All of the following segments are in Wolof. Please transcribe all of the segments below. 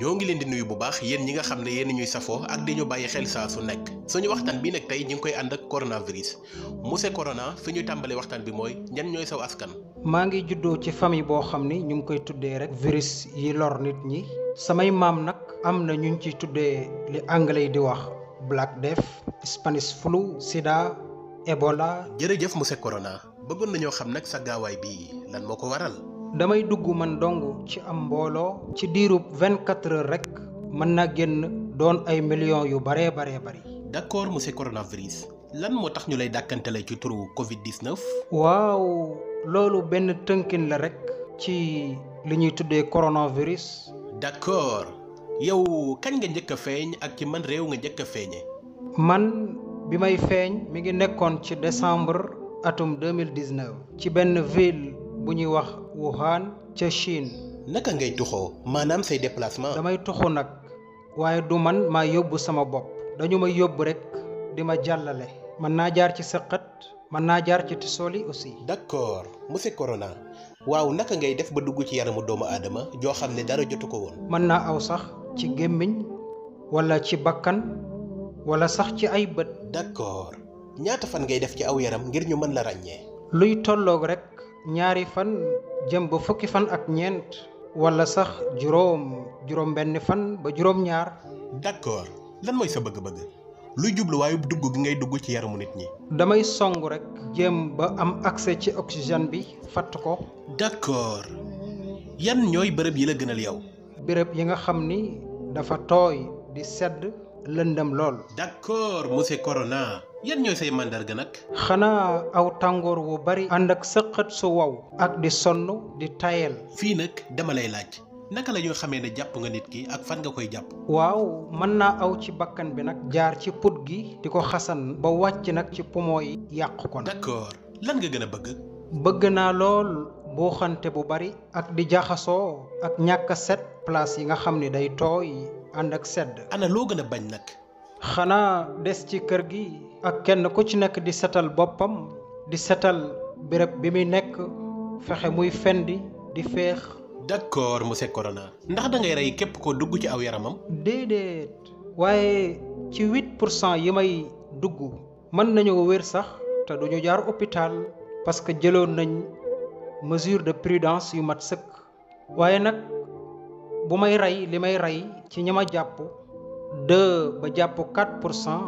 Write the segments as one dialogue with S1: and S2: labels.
S1: ñoo ngi leen di nuyu bu baax yéen ñi nga xam ne yéen ñuy safoo ak di ñu bàyyi xel saa su nekk suñu waxtaan bi nag tey ñu ngi koy ànd ak coronavirus monsieur Corona fi ñu tàmbalee waxtaan bi mooy ñan ñooy saw
S2: askan. maa ngi juddoo ci famille boo xam ni ñu ngi koy tuddee rek virus yi lor nit ñi samay maam nag am na ñu ci tuddee li anglais yi di wax black def spanish flu sida ebola. jërëjëf monsieur Corona bëggoon nañoo xam nag sa gaawaay bii lan moo ko waral. damay dugg man dong ci am mbooloo ci diirub 24 heures rek mën naa génn doon ay millions yu baree baree bari. d'accord
S1: monsieur coronavirus lan moo tax ñu lay dàkkante dàkkantale ci turu Covid 19.
S2: waaw loolu benn tënkin la rek ci li ñuy tuddee coronavirus.
S1: d'accord yow kañ nga njëkk a feeñ ak ci man réew nga njëkk a feeñee.
S2: man bi may feeñ mi ngi nekkoon ci décembre atum 2019 ci benn ville. bu ñuy wax Wuhan ca Chine. naka ngay tuxoo maanaam say déplacement. damay tuxu nag waaye du man maa yóbbu sama bopp dañu ma yóbbu rek di ma jàllale. mën naa jaar ci sëqat mën naa jaar ci tisool yi aussi. d'accord
S1: monsieur Corona waaw naka ngay def ba dugg ci yaramu doomu aadama joo xam ne dara jotu ko woon.
S2: mën naa aw sax ci gémmiñ wala ci bakkan wala sax ci ay bët. d'accord ñaata fan ngay def ci aw yaram ngir ñu mën la ràññee. luy tolloog rek. ñaari fan jëm ba fukki fan ak ñeent wala sax juróom juróom benn fan ba juróom ñaar d'accord lan mooy sa bëgg-bëgg luy jubluwaayu dugg gi ngay dugg ci yaramu nit ñi damay song rek jéem ba am accès ci oxygène bi fatt ko d'accord yan ñooy bërëb yi la gënal yow bërëb yi nga xam ni dafa tooy di sedd lëndëm lool d'accord monsieur Corona yan ñooy say màndarga nag. xanaa aw tàngoor wu bari. ànd ak sëqët su wow. ak di sonn di tayel. fii nag dama lay laaj. naka la ñoo xamee ne jàpp nga nit ki ak fan nga koy jàpp. waaw mën naa aw ci bakkan bi nag. jaar ci put gi di ko xasan. ba wàcc nag ci poumon yi yàq ko na
S1: d'accord lan nga gën a bëgg.
S2: bëgg naa lool buuxante bu bari. ak di jaxasoo. ak ñàkk set. place yi nga xam ni day tooy ànd ak sedd. ana loo gën a bañ nag. xanaa des ci kër gi. ak kenn ku ci nekk di setal boppam di setal béréb bi muy nekk fexe muy fendi di feex
S1: d'accord mu Corona
S2: ndax da rey
S1: képp ko dugg ci aw yaramam
S2: déedéet waaye ci 8 pour cent yi may dugg mën nañoo wér sax te duñu jaar hôpital parce que jëloon nañ mesure de prudence yu mat sëkk waaye nag bu may rey li may rey ci ñi ma jàpp 2 ba jàpp 4 pour cent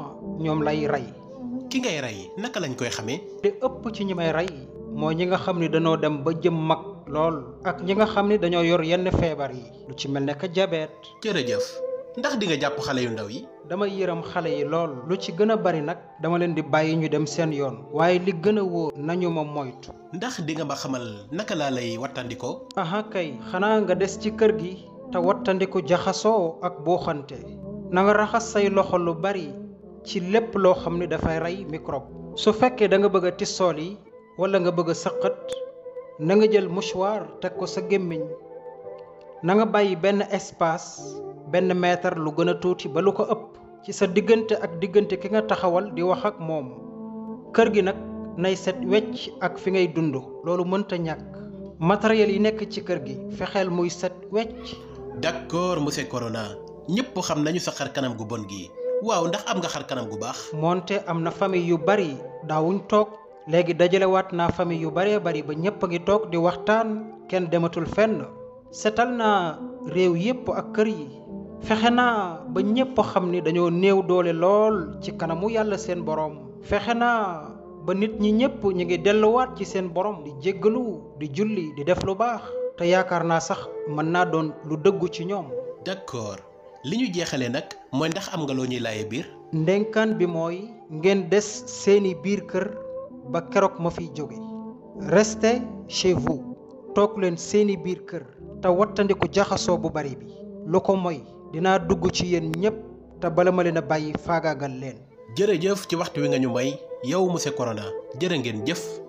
S2: ñoom lay rey ki ngay rey naka lañu koy xamee. te ëpp ci ñi may rey mooy ñi nga xam ni dañoo dem ba jëm mag lool ak ñi nga xam ni dañoo yor yenn feebar yi. lu ci mel ne que diabète. jërëjëf ndax di nga jàpp xale yu ndaw yi. dama yërëm xale yi lool lu ci gën a bari nag dama leen di bàyyi ñu dem seen yoon waaye li gën a wóor nañu ma moytu ndax di ma xamal naka laa lay wattandikoo aha kay xanaa nga des ci kër gi te wattandiku jaxasoo ak booxante na raxas say loxo lu ci lépp loo xam ni dafay rey microbe su fekkee da nga bëgg a tisool yi wala nga bëgg a sëqat na nga jël mouchoir teg ko sa gémmiñ na nga bàyyi benn espace benn mètre lu gën a tuuti ba lu ko ëpp ci sa diggante ak diggante ki nga taxawal di wax ak moom kër gi nag nay set wecc ak fi ngay dund loolu mënta ñàkk matériel yi nekk ci kër gi fexeel muy set wecc d'accord monsieur Corona ñëpp
S1: xam nañu sa xar kanam gu bon gi
S2: waaw ndax am nga xar kanam gu baax. moonte am na famille yu bari daawuñ toog léegi dajalewaat naa famille yu baree bari ba ñëpp a ngi toog di waxtaan kenn dematul fenn setal na réew yépp ak kër yi fexe naa ba ñépp xam ni dañoo néew doole lool ci kanamu yàlla seen boroom fexe naa ba nit ñi ñépp ñu ngi delluwaat ci seen boroom di jéggalu di julli di def lu baax te yaakaar naa sax mën naa doon lu dëggu ci ñoom. d'accord. li ñu jeexalee nag mooy ndax am nga loo ñuy laaye biir. ndenkaan bi mooy ngeen des seeni biir kër ba keroog ma fi jóge restez chez toog leen seeni biir kër te wattandiku jaxasoo bu bari bi lu ko moy dinaa dugg ci yéen ñépp te bala ma leen a bàyyi faagaagal leen. jërëjëf
S1: ci waxtu wi nga ñu may yow monsieur Corona jërë ngeen jëf.